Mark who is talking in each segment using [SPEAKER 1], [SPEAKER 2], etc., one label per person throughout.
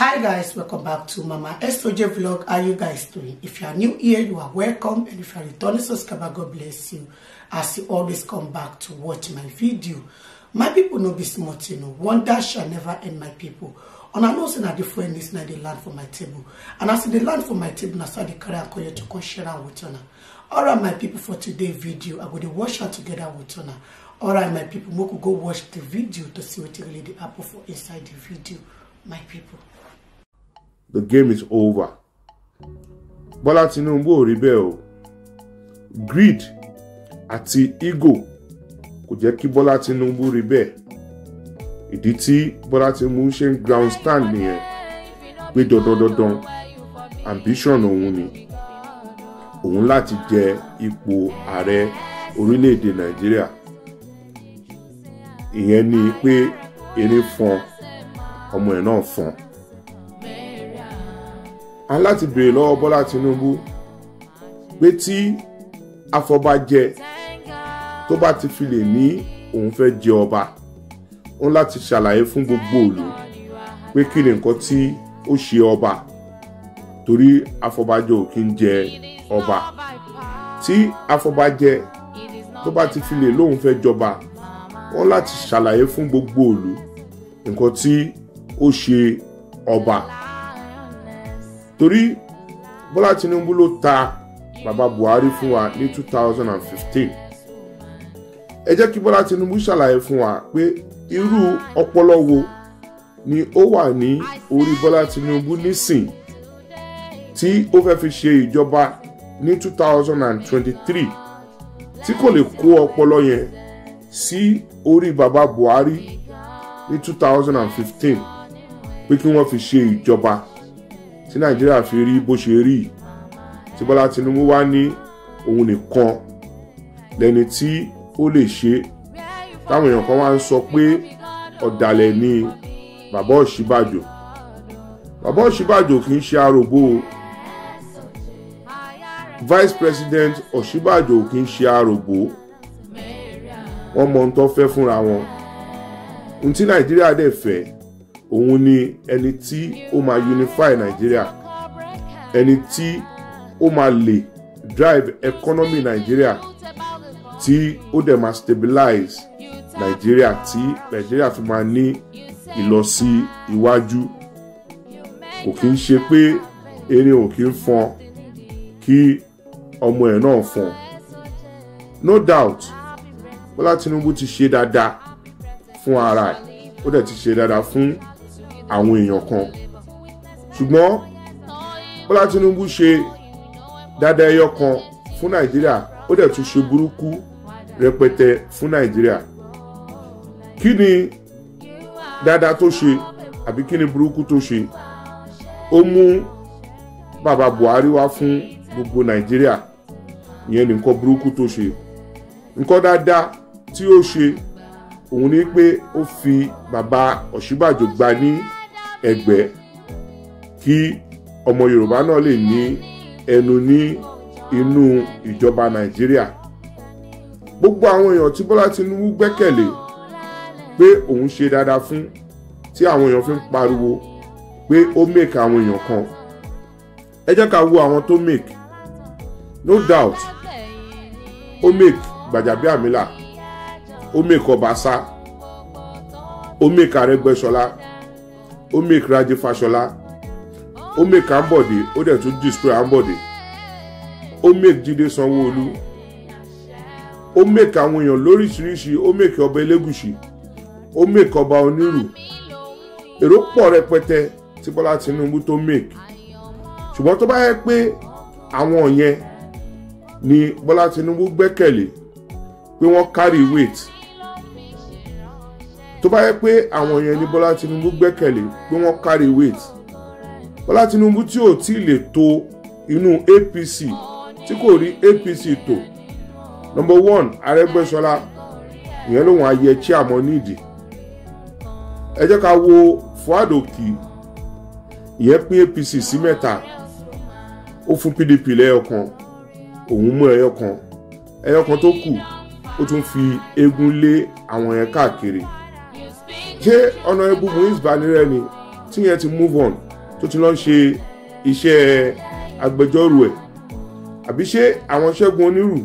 [SPEAKER 1] hi guys welcome back to mama soj vlog how you guys doing if you are new here you are welcome and if you are returning subscriber god bless you as you always come back to watch my video my people know be smart, you know One dash shall never end my people and i know say na different news na dey land for my table and as they learn land for my table na so i carry and come here to come share am with una all right my people for today's video i go dey watch am together with una all right my people make we go watch the video to see wetin really dey Apple for inside the video my people the game is over bọ́lá tinubu ò rí bẹ́ẹ̀ o greed àti ego kò jẹ́ kí bọ́lá tinubu rí bẹ́ẹ̀ ìdí tí bọ́lá tinubu ṣe ń ground stand nìyẹn pé dandandandan ambition òun ni òun láti jẹ ipò ààrẹ orílẹ̀-èdè nàìjíríà ìyẹn ni pé eré fọn ọmọ ẹ̀ náà fọn a ní láti béèrè lọ́wọ́ Bọ́lá Tinubu pé tí afọbajẹ tó bá ti fi lè ní òun fẹ́ jẹ ọba ó ní láti ṣàlàyé fún gbogbo ìlú pé kí ni nǹkan tí ó ṣe ọba torí afọbajẹ ò kí ń jẹ ọba tí afọbajẹ tó bá ti fi lè lóun fẹ́ jọba ó ní láti ṣàlàyé fún gbogbo ìlú nǹkan tí ó ṣe ọba torí bọ́lá tinubu ló ta bàbá buhari fún wa ní two thousand and fifteen ẹ jẹ́ kí bọ́lá tinubu ṣàlàyé fún wa pé irú ọpọlọ wo ni ó wà ní orí bọ́lá tinubu nísìn tí ó fẹ́ fi ṣe ìjọba ní two thousand and twenty-three tí kò lè kó ọpọlọ yẹn sí orí bàbá buhari ní two pé kí wọ́n fi ṣe ìjọba tí nàìjíríà fi rí bó ṣe rí tí bọ́lá tinubu wá ní òun nìkan lẹni tí ó lè ṣe táwọn èèyàn kan wá ń sọ pé ọ̀dàlẹ̀ ni bàbá òṣìbàjò bàbá òṣìbàjò kì í ṣe arògbó vice president òṣìbàjò kì í ṣe arògbó wọ́n mọ ohun tó fẹ́ fúnra wọn ohun tí nàìjíríà dẹ̀ fẹ́ òun ni ẹni tí ó máa unify Nigeria ẹni tí ó máa lè drive economy Nigeria tí ó dẹ̀ máa stabilize Nigeria tí Nigeria fi máa ní ìlọsí iwájú kò kí ń ṣe pé erin ò kí ń fọn kí ọmọ ẹ̀ náà fọn no doubt Bọ́lá Tinubu ti ṣe dáadáa fún ara ẹ̀ ó dẹ̀ ti ṣe dáadáa fún àwọn èèyàn kan ṣùgbọ́n Bọ́lá Tinubu ṣe dáadáa ẹyọ kan fún Nàìjíríà ó dẹ̀ tún ṣe burúkú rẹpẹtẹ fún Nàìjíríà kí ni dáadáa tó ṣe àbí kí ni burúkú tó ṣe ó mú bàbá Buhari wá fún gbogbo Nàìjíríà ìyẹn ni nǹkan burúkú tó ṣe nǹkan dáadáa tí ó ṣe òun ni pé ó fi bàbá Ọ̀ṣínbàjò gba ní ẹgbẹ́ kí ọmọ Yorùbá náà lè ní ẹnu ní inú ìjọba Nàìjíríà gbogbo àwọn èèyàn tí Bọ́lá Tinubu gbẹ́kẹ̀lé pé òun ṣe dáadáa fún tí àwọn èèyàn fi ń pariwo pé ó mèkì àwọn èèyàn kan ẹ jẹ́ ká wo àwọn tó mèkì no doubt ó mèkì Gbàjàbíàmílà ó mèkì Ọbaṣá ó mèkì Arẹ́gbẹ́ṣọlá ó make Rájí Fáṣọlá ó make Ambode ó dẹ̀ tún destroy Ambode ó make Jídé Sanwó-Olú ó make àwọn èèyàn lóríṣiríṣi ó make ọba Elégùṣì ó make ọba Onírù èrò pọ̀ rẹpẹtẹ tí Bọ́lá Tinubu tó make ṣùgbọ́n tó bá yẹ pé àwọn yẹn ni Bọ́lá Tinubu gbẹ́kẹ̀lé pé wọ́n carry weight tó bá yẹ pé àwọn èèyàn ní bọ́lá tinubu gbẹ́kẹ̀lé pé wọ́n carry weight bọ́lá tinubu tí ò tí ì lè to inú apc tí kò rí apc tò number one arẹ́gbẹ́ṣọlá ìyẹn lòun ayẹ chairman nídìí ẹ jẹ́ ká wo fuad òkì ìyẹn pín apc sí mẹ́ta ó fún pdp lẹ́yọkan òun mú ẹyọkan ẹyọkan tó kù ó tún fi eégún lé àwọn yẹn káàkiri ṣé honourable Muiz Banireni tíyẹn ti move on tó ti lọ ń ṣe iṣẹ́ agbẹjọ́rò ẹ̀ àbí ṣé àwọn Ṣẹ́gun Onírù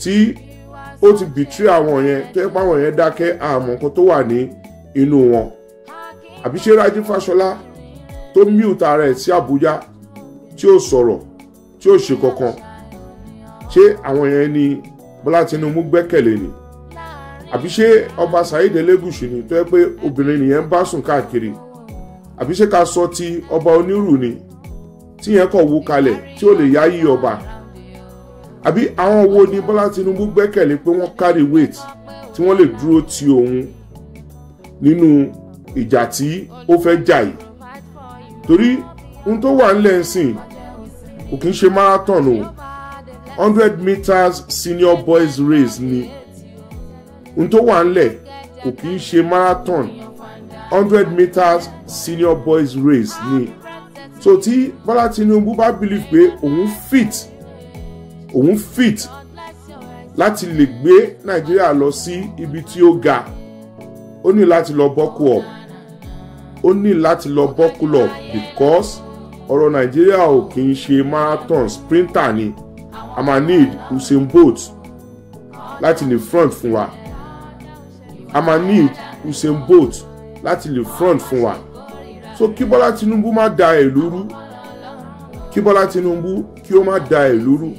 [SPEAKER 1] tí ó ti bìtírì àwọn yẹn tó yẹ páwọn yẹn dákẹ́ àmọ́ nǹkan tó wà ní inú wọn àbí ṣé Rájí Fáṣọlá tó mute ara ẹ̀ sí Àbújá tí ó sọ̀rọ̀ tí ó ṣe kankan ṣé àwọn yẹn ni Bọ́lá Tinubu gbẹ́kẹ̀lé ni àbí ṣé ọba Saheed Elégùṣì ni tó yẹ pé obìnrin nìyẹn ń bá sùn káàkiri àbí ṣé ká sọ ti ọba onírù ni tíyẹn kọ̀ wú kalẹ̀ tí ó lè yáyí ọba àbí àwọn wo ni Bọ́lá Tinubu gbẹ́kẹ̀lé pé wọ́n carry weight tí wọ́n lè dúró ti òun nínú ìjà tí ó fẹ́ jà yìí torí ohun tó wà ńlẹ̀ ń sìn kò kí ń ṣe marathon o hundred meters senior boys race ni n tó wà ńlẹ̀ kò kì í ṣe marathon hundred meters senior boys race ni so tí Bọ́lá Tinubu bá believe pé òun fit òun fit láti lè gbé Nàìjíríà lọ sí ibi tí ó ga ó ní láti lọ buckle up ó ní láti lọ buckle up because ọ̀rọ̀ Nàìjíríà ò kì í ṣe marathon sprinter ni a máa need Usain Bolt láti ní front fún wa a máa ní Usain Bolt láti lè front fún wa so kí Bọ́lá Tinubu má da ìlú rú kí Bọ́lá Tinubu kí ó má da ìlú rú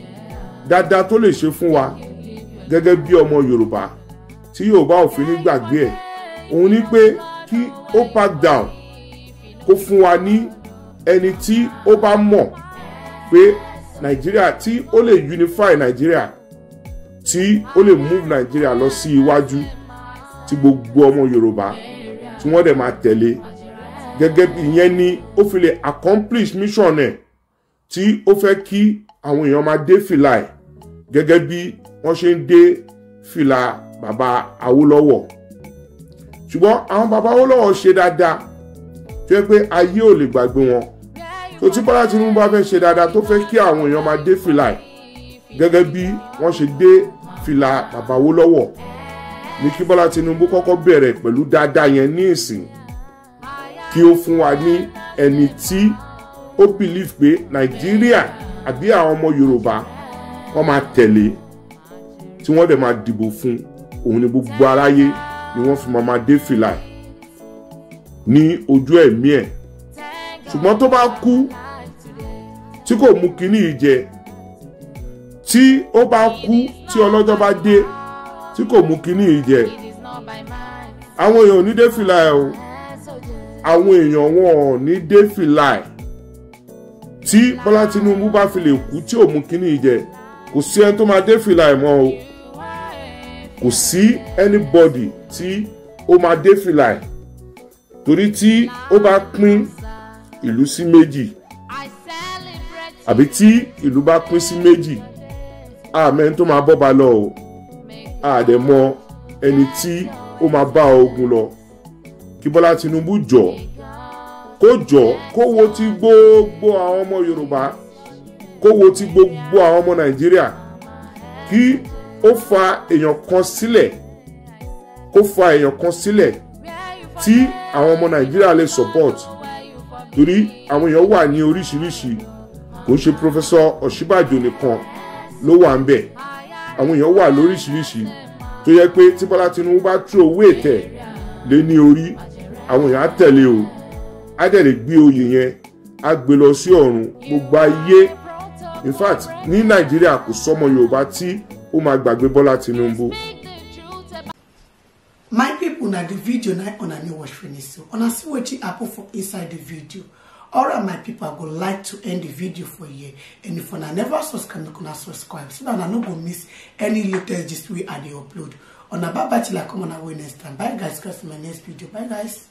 [SPEAKER 1] dáadáa tó lè ṣe fún wa gẹ́gẹ́ bí ọmọ Yorùbá tí Yorùbá ò fi ní gbàgbé ẹ̀ òun ni pé kí ó pack down kó fún wa ní ẹni tí ó bá mọ̀ pé Nàìjíríà tí ó lè unify Nàìjíríà tí ó lè move Nàìjíríà lọ sí iwájú. Si tí gbogbo ọmọ Yorùbá tí wọ́n dẹ̀ máa tẹ̀lé gẹ́gẹ́ bí ìyẹn ni ó fi lè accomplish mission ẹ̀ tí ó fẹ́ kí àwọn èèyàn máa dé fìlà ẹ̀ gẹ́gẹ́ bí wọ́n ṣe ń dé fìlà bàbá Awólọ́wọ̀ ṣùgbọ́n àwọn bàbá Awólọ́wọ̀ ṣe dáadáa tó yẹ pé ayé ò lè gbàgbé wọn tó tí Bọ́lá Tinubu bá fẹ́ ṣe dáadáa tó fẹ́ kí àwọn èèyàn máa dé fìlà ẹ̀ gẹ́gẹ́ bí wọ́n ṣe dé fìlà bàbá Awólọ́wọ̀ ní kí Bọ́lá Tinubu kọ́kọ́ bẹ̀rẹ̀ pẹ̀lú dáadáa yẹn ní ìsìn kí ó fún wa ní ẹni tí ó believe pé Nàìjíríà àbí àwọn ọmọ Yorùbá wọ́n máa tẹ̀lé tí wọ́n dẹ̀ máa dìbò fún òun ni gbogbo aráyé ni wọ́n fi máa dé fìlà ní ojú ẹ̀mí ẹ̀ ṣùgbọ́n tó bá kú tí kò mú kinní yìí tí ó bá kú tí ọlọ́jọ́ bá dé tí kò mú kínní ìjẹ àwọn èèyàn ní dé ẹ o àwọn èèyàn wọn ò ní dé ẹ tí Bọ́lá Tinubu bá fi lè kú tí ò mú kínní ìjẹ kò sí ẹni tó máa dé ẹ mọ́ o kò sí anybody tí ó máa dé ẹ torí tí ó bá pín ìlú sí méjì àbí tí ìlú bá pín sí méjì àmín máa bọ́ lọ o àdẹ̀mọ ẹni tí ó máa bá ogun lọ kí Bọ́lá Tinubu jọ kó jọ kó wo ti gbogbo àwọn ọmọ Yorùbá kó wo ti gbogbo àwọn ọmọ Nàìjíríà kí ó fa èèyàn kan sílẹ̀ kó fa èèyàn kan sílẹ̀ tí àwọn ọmọ Nàìjíríà lè support torí àwọn èèyàn wà ní oríṣiríṣi kò ń ṣe Professor Ọ̀ṣínbàjò nìkan ló wà ń bẹ̀ àwọn èèyàn wà lóríṣiríṣi tó yẹ pé tí Bọ́lá Tinubu bá tú owó ètè lé ní orí àwọn èèyàn á tẹ̀lé o á dẹ̀ lè gbé oyè yẹn á gbé lọ sí ọ̀run gbogbo ayé in fact ní Nàìjíríà kò sọmọ Yorùbá tí ó máa gbàgbé Bọ́lá Tinubu. my pipo na di video na una new watch finish so una see wetin happen for inside the video alright my people i would like to end the video for you. and if una never subscribe you can subscribe so that una don't go miss any latest gist wey i dey upload a bye bye till i come on our next time bye guys guys my next video bye guys